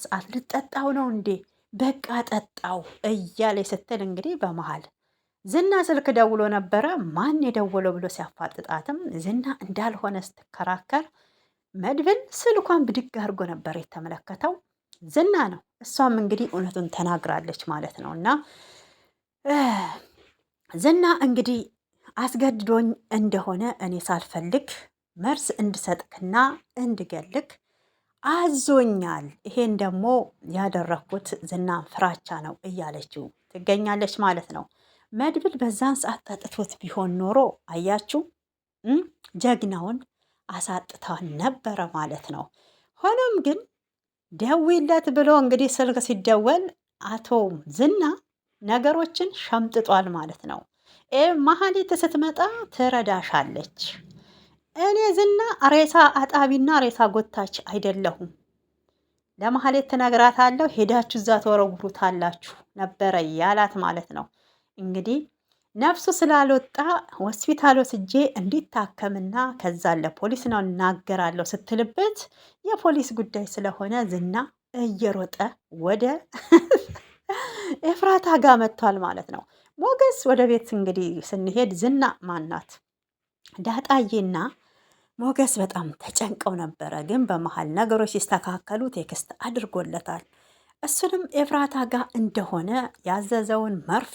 ሰዓት ልጠጣው ነው እንዴ? በቃ ጠጣው እያለ ስትል እንግዲህ በመሀል ዝና ስልክ ደውሎ ነበረ። ማን የደወለው ብሎ ሲያፋጥጣትም ዝና እንዳልሆነ ስትከራከር መድብን ስልኳን ብድግ አድርጎ ነበር የተመለከተው። ዝና ነው። እሷም እንግዲህ እውነቱን ተናግራለች ማለት ነው። እና ዝና እንግዲህ አስገድዶኝ እንደሆነ እኔ ሳልፈልግ መርስ እንድሰጥክና እንድገልክ አዞኛል። ይሄን ደግሞ ያደረግኩት ዝናን ፍራቻ ነው እያለችው ትገኛለች ማለት ነው። መድብል በዛን ሰዓት ጠጥቶት ቢሆን ኖሮ አያችሁ ጀግናውን አሳጥታ ነበረ ማለት ነው። ሆኖም ግን ደዊለት ብሎ እንግዲህ ስልክ ሲደወል አቶ ዝና ነገሮችን ሸምጥጧል ማለት ነው። መሀሌት ስትመጣ ትረዳሻለች እኔ ዝና ሬሳ አጣቢና ሬሳ ጎታች አይደለሁም። ለማህሌት ትነግራታለሁ፣ ሄዳችሁ እዛ ተወረውሩታላችሁ ነበረ ያላት ማለት ነው። እንግዲህ ነፍሱ ስላልወጣ ሆስፒታል ወስጄ እንዲታከምና ከዛ ለፖሊስ ነው እናገራለሁ ስትልበት የፖሊስ ጉዳይ ስለሆነ ዝና እየሮጠ ወደ ኤፍራታ ጋር መጥቷል ማለት ነው። ሞገስ ወደ ቤት እንግዲህ ስንሄድ ዝና ማናት ዳጣዬና ሞገስ በጣም ተጨንቀው ነበረ። ግን በመሀል ነገሮች ሲስተካከሉ ቴክስት አድርጎለታል። እሱንም ኤፍራታ ጋር እንደሆነ ያዘዘውን መርፌ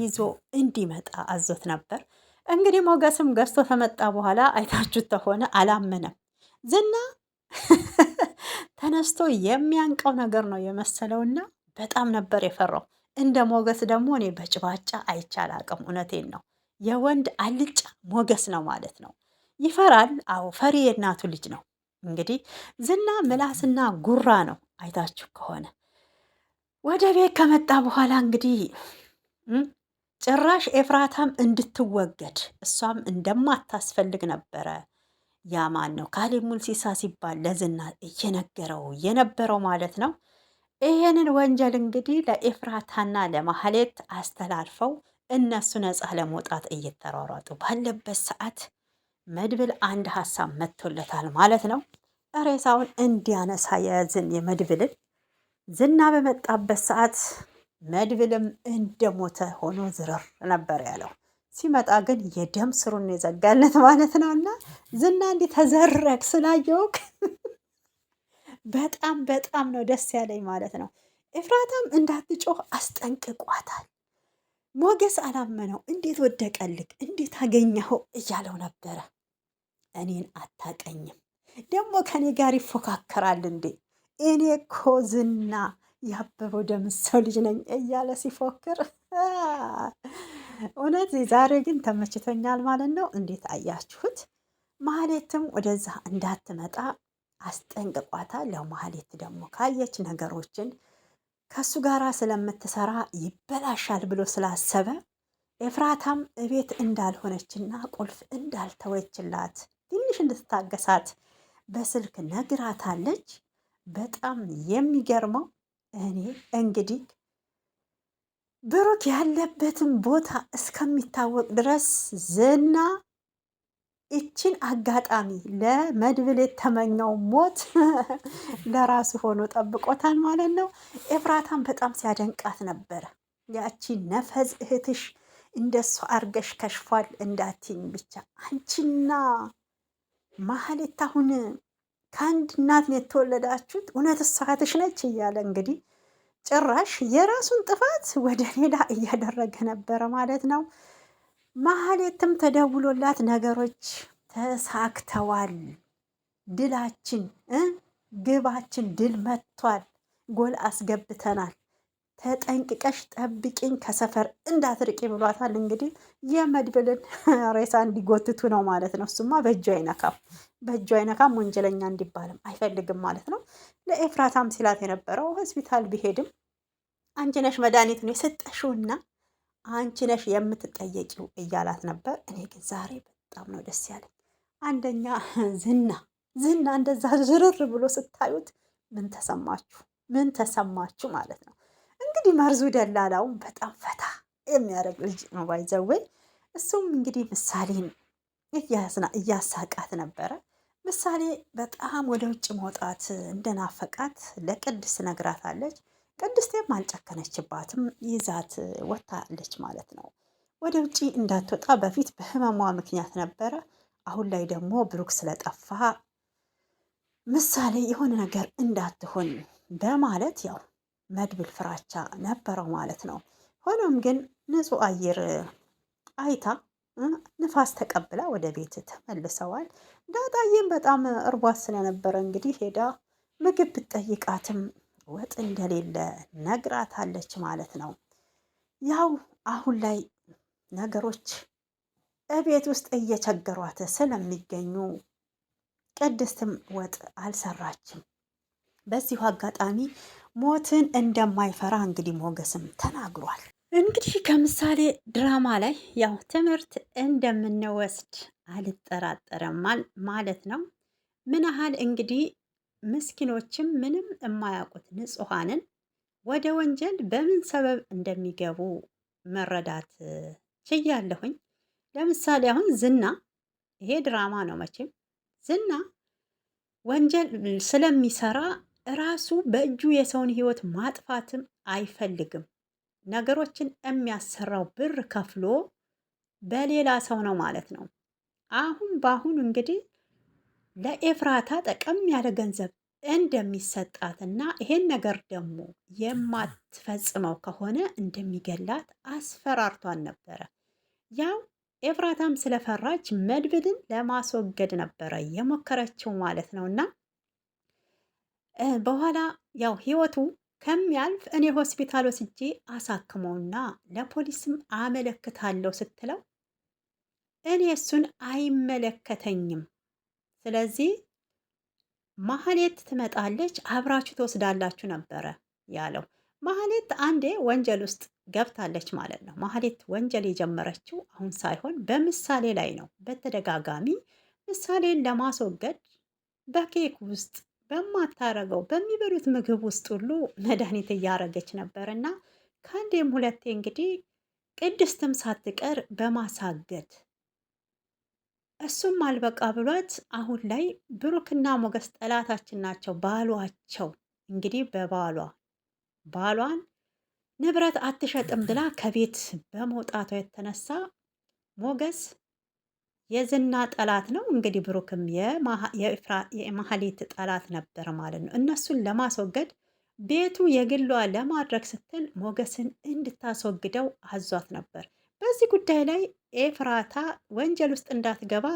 ይዞ እንዲመጣ አዞት ነበር። እንግዲህ ሞገስም ገዝቶ ከመጣ በኋላ አይታችሁት ተሆነ አላመነም። ዝና ተነስቶ የሚያንቀው ነገር ነው የመሰለውና በጣም ነበር የፈራው። እንደ ሞገስ ደግሞ እኔ በጭባጫ አይቻል አቅም እውነቴን ነው። የወንድ አልጫ ሞገስ ነው ማለት ነው። ይፈራል። አዎ ፈሪ የእናቱ ልጅ ነው። እንግዲህ ዝና ምላስና ጉራ ነው። አይታችሁ ከሆነ ወደ ቤት ከመጣ በኋላ እንግዲህ ጭራሽ ኤፍራታም እንድትወገድ እሷም እንደማታስፈልግ ነበረ። ያ ማን ነው ካሌብ ሙልሲሳ ሲባል ለዝና እየነገረው የነበረው ማለት ነው። ይሄንን ወንጀል እንግዲህ ለኤፍራታና ለማህሌት አስተላልፈው እነሱ ነፃ ለመውጣት እየተሯሯጡ ባለበት ሰዓት መድብል አንድ ሀሳብ መጥቶለታል ማለት ነው። ሬሳውን እንዲያነሳ የዝን የመድብልን ዝና በመጣበት ሰዓት መድብልም እንደሞተ ሆኖ ዝርር ነበር ያለው። ሲመጣ ግን የደም ስሩን የዘጋለት ማለት ነው። እና ዝና እንዲህ ተዘረግ ስላየውክ በጣም በጣም ነው ደስ ያለኝ ማለት ነው። ኤፍራታም እንዳትጮህ አስጠንቅቋታል። ሞገስ አላመነው። እንዴት ወደቀልክ? እንዴት አገኘኸው? እያለው ነበረ እኔን አታቀኝም። ደግሞ ከኔ ጋር ይፎካከራል እንዴ? እኔ እኮ ዝና ያበበው ደምሰው ልጅ ነኝ እያለ ሲፎክር እውነት ዛሬ ግን ተመችቶኛል ማለት ነው። እንዴት አያችሁት? ማህሌትም ወደዛ እንዳትመጣ አስጠንቅቋታ ያው ማህሌት ደግሞ ካየች ነገሮችን ከእሱ ጋር ስለምትሰራ ይበላሻል ብሎ ስላሰበ ኤፍራታም እቤት እንዳልሆነችና ቁልፍ እንዳልተወችላት ትንሽ እንድትታገሳት በስልክ ነግራታለች። በጣም የሚገርመው እኔ እንግዲህ ብሩክ ያለበትን ቦታ እስከሚታወቅ ድረስ ዝና ይችን አጋጣሚ ለመድብል የተመኘው ሞት ለራሱ ሆኖ ጠብቆታል ማለት ነው። ኤፍራታን በጣም ሲያደንቃት ነበረ። ያቺ ነፈዝ እህትሽ እንደሱ አርገሽ ከሽፏል እንዳትኝ ብቻ አንቺና ማህሌት አሁን ከአንድ እናት ነው የተወለዳችሁት፣ እውነት እሳትሽ ነች እያለ እንግዲህ ጭራሽ የራሱን ጥፋት ወደ ሌላ እያደረገ ነበረ ማለት ነው። ማህሌትም ተደውሎላት ነገሮች ተሳክተዋል፣ ድላችን፣ ግባችን ድል መጥቷል፣ ጎል አስገብተናል ተጠንቅቀሽ ጠብቂኝ ከሰፈር እንዳትርቂ ብሏታል። እንግዲህ የመድብልን ሬሳ እንዲጎትቱ ነው ማለት ነው። እሱማ በእጁ አይነካም፣ በእጁ አይነካም፣ ወንጀለኛ እንዲባልም አይፈልግም ማለት ነው። ለኤፍራታም ሲላት የነበረው ሆስፒታል ቢሄድም አንቺ ነሽ መድኃኒቱን የሰጠሽውና አንቺ ነሽ የምትጠየቂው እያላት ነበር። እኔ ግን ዛሬ በጣም ነው ደስ ያለኝ። አንደኛ ዝና ዝና እንደዛ ዝርር ብሎ ስታዩት ምን ተሰማችሁ? ምን ተሰማችሁ ማለት ነው እንግዲህ መርዙ ደላላውን በጣም ፈታ የሚያደርግ ልጅ ነው። ባይዘዌ እሱም እንግዲህ ምሳሌን እያሳቃት ነበረ። ምሳሌ በጣም ወደ ውጭ መውጣት እንደናፈቃት ለቅድስት ነግራታለች። ቅድስቴም አልጨከነችባትም፣ ይዛት ወታለች ማለት ነው። ወደ ውጭ እንዳትወጣ በፊት በህመሟ ምክንያት ነበረ። አሁን ላይ ደግሞ ብሩክ ስለጠፋ ምሳሌ የሆነ ነገር እንዳትሆን በማለት ያው መድብል ፍራቻ ነበረው ማለት ነው። ሆኖም ግን ንጹህ አየር አይታ ንፋስ ተቀብላ ወደ ቤት ተመልሰዋል። ዳጣዬም በጣም እርቧት ስለነበረ እንግዲህ ሄዳ ምግብ ብትጠይቃትም ወጥ እንደሌለ ነግራታለች ማለት ነው። ያው አሁን ላይ ነገሮች እቤት ውስጥ እየቸገሯት ስለሚገኙ ቅድስትም ወጥ አልሰራችም። በዚሁ አጋጣሚ ሞትን እንደማይፈራ እንግዲህ ሞገስም ተናግሯል። እንግዲህ ከምሳሌ ድራማ ላይ ያው ትምህርት እንደምንወስድ አልጠራጠረም ማለት ነው። ምን ያህል እንግዲህ ምስኪኖችም ምንም የማያውቁት ንጹሐንን ወደ ወንጀል በምን ሰበብ እንደሚገቡ መረዳት ችያለሁኝ። ለምሳሌ አሁን ዝና ይሄ ድራማ ነው መቼም ዝና ወንጀል ስለሚሰራ ራሱ በእጁ የሰውን ህይወት ማጥፋትም አይፈልግም። ነገሮችን የሚያሰራው ብር ከፍሎ በሌላ ሰው ነው ማለት ነው። አሁን በአሁኑ እንግዲህ ለኤፍራታ ጠቀም ያለ ገንዘብ እንደሚሰጣት እና ይሄን ነገር ደግሞ የማትፈጽመው ከሆነ እንደሚገላት አስፈራርቷን ነበረ። ያው ኤፍራታም ስለፈራች መድብልን ለማስወገድ ነበረ የሞከረችው ማለት ነው እና በኋላ ያው ህይወቱ ከሚያልፍ እኔ ሆስፒታል ወስጄ አሳክመውና ለፖሊስም አመለክታለሁ ስትለው እኔ እሱን አይመለከተኝም፣ ስለዚህ ማህሌት ትመጣለች፣ አብራችሁ ትወስዳላችሁ ነበረ ያለው። ማህሌት አንዴ ወንጀል ውስጥ ገብታለች ማለት ነው። ማህሌት ወንጀል የጀመረችው አሁን ሳይሆን በምሳሌ ላይ ነው። በተደጋጋሚ ምሳሌን ለማስወገድ በኬክ ውስጥ በማታረገው በሚበሉት ምግብ ውስጥ ሁሉ መድኃኒት እያረገች ነበር እና ከአንዴም ሁለቴ እንግዲህ ቅድስትም ሳትቀር በማሳገድ እሱም አልበቃ ብሏት አሁን ላይ ብሩክና ሞገስ ጠላታችን ናቸው ባሏቸው እንግዲህ በባሏ ባሏን ንብረት አትሸጥም ብላ ከቤት በመውጣቷ የተነሳ ሞገስ የዝና ጠላት ነው እንግዲህ ብሩክም የማህሌት ጠላት ነበር ማለት ነው። እነሱን ለማስወገድ ቤቱ የግሏ ለማድረግ ስትል ሞገስን እንድታስወግደው አዟት ነበር። በዚህ ጉዳይ ላይ ኤፍራታ ወንጀል ውስጥ እንዳትገባ